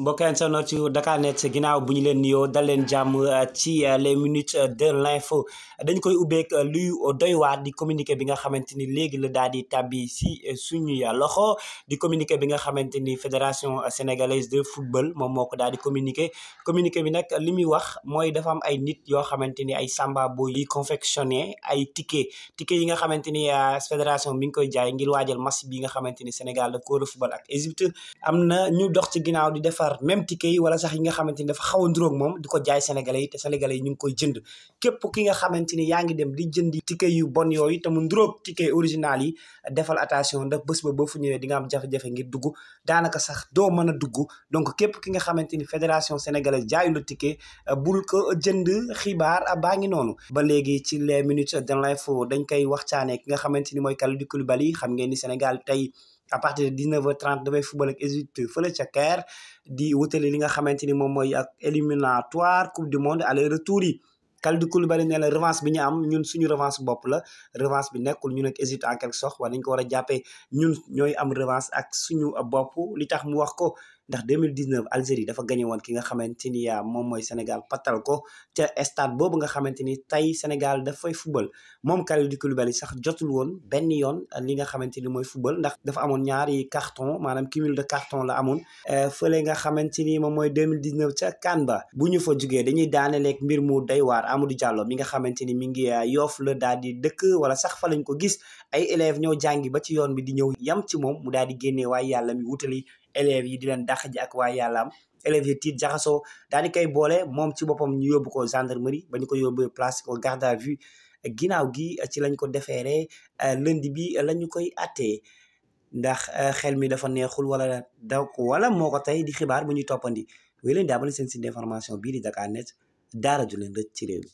mbokk internet yu Dakar Net ginnaaw bu ñu leen nuyoo dal leen jàmm euh, ci euh, les minutes euh, de l'info dañ koy ubbeeg luy doy waar di communiqué bi nga xamante ni léegi la daal di tàbbi si suñuy loxo di communiqué bi nga xamante ni fédération sénégalaise de football moom moo ko daal di communiqué communiqué bi nag li muy wax mooy dafa am ay nit yoo xamante ni ay samba boy yi confectionné ay ticket ticket yi nga xamante ni fédération mi ngi koy jaay ngir waajal match bi nga xamante ni Sénégal da defar même ticket wala sax yi nga xamante ni dafa xaw a nduróog moom di ko jaay sénégalais yi te sénégalais yi ñu ngi koy jënd képp ki nga xamante ni yaa ngi dem di jënd ticket yu bon yooyu te mu nduróog ticket original yi defal attention ndax bés ba boo fu ñëwee di nga am jafe-jafe ngir dugg daanaka sax doo mën a dugg donc képp ki nga xamante ni fédération sénégalaise jaayu la ticket bul ko jënd xibaar a baa ngi noonu ba léegi ci les minutes de l'info dañ koy waxtaanee ki nga xamante ni mooy Kalidou Koulibaly xam ngeen ni Sénégal tey à partir de 19h30 damay football ak Égypte fële ca Caire di wutali li nga xamante ni moom mooy ak éliminatoire coupe du monde aller retour yi Kalidou Koulibaly nee na revanche bi ñu am ñun suñu revanche bopp la revanche bi nekkul ñun ak Égypte en quelque sorte war nañ ko war a jàppee ñun ñooy am revanche ak suñu bopp li tax mu wax ko ndax 2019 Algérie dafa gañe woon ki nga xamante ni ah, moom mooy Sénégal pattal ko ca stade boobu nga xamante ni tey Sénégal dafay football moom Kalidou Koulibaly sax jotul woon benn yoon li nga xamante ni mooy football ndax dafa amoon ñaari carton maanaam cumul de carton la amoon eh, fële nga xamante ni moom mooy deux 2019 ca CAN ba bu ñu fa jugee dañuy daaneleeg mbir mu doy waar Amadou Diallo mi nga xamante ni mi ngi ah, yoof la daal di dëkk wala sax fa lañ ko gis ay élèves ñoo ba ci yoon bi di ñëw yam ci moom mu daal di génnee waaye yàlla mi wutali élèves yi di leen dàq ji ak waa yàllaam élèves yi tiit jaxasoo daal di boole moom ci boppam ñu yóbbu ko gendarmerie ba ñu ko yóbbu place ko garde à vue ginnaaw gi ci lañ ko defeeree euh, lundi bi la koy attee ndax euh, xel mi dafa neexul wala daw wala moo ko tey di xibaar bu ñuy toppandi wéy leen daabale seen site d'information bii di Dakar Net daara ju leen rëcc ci réew mi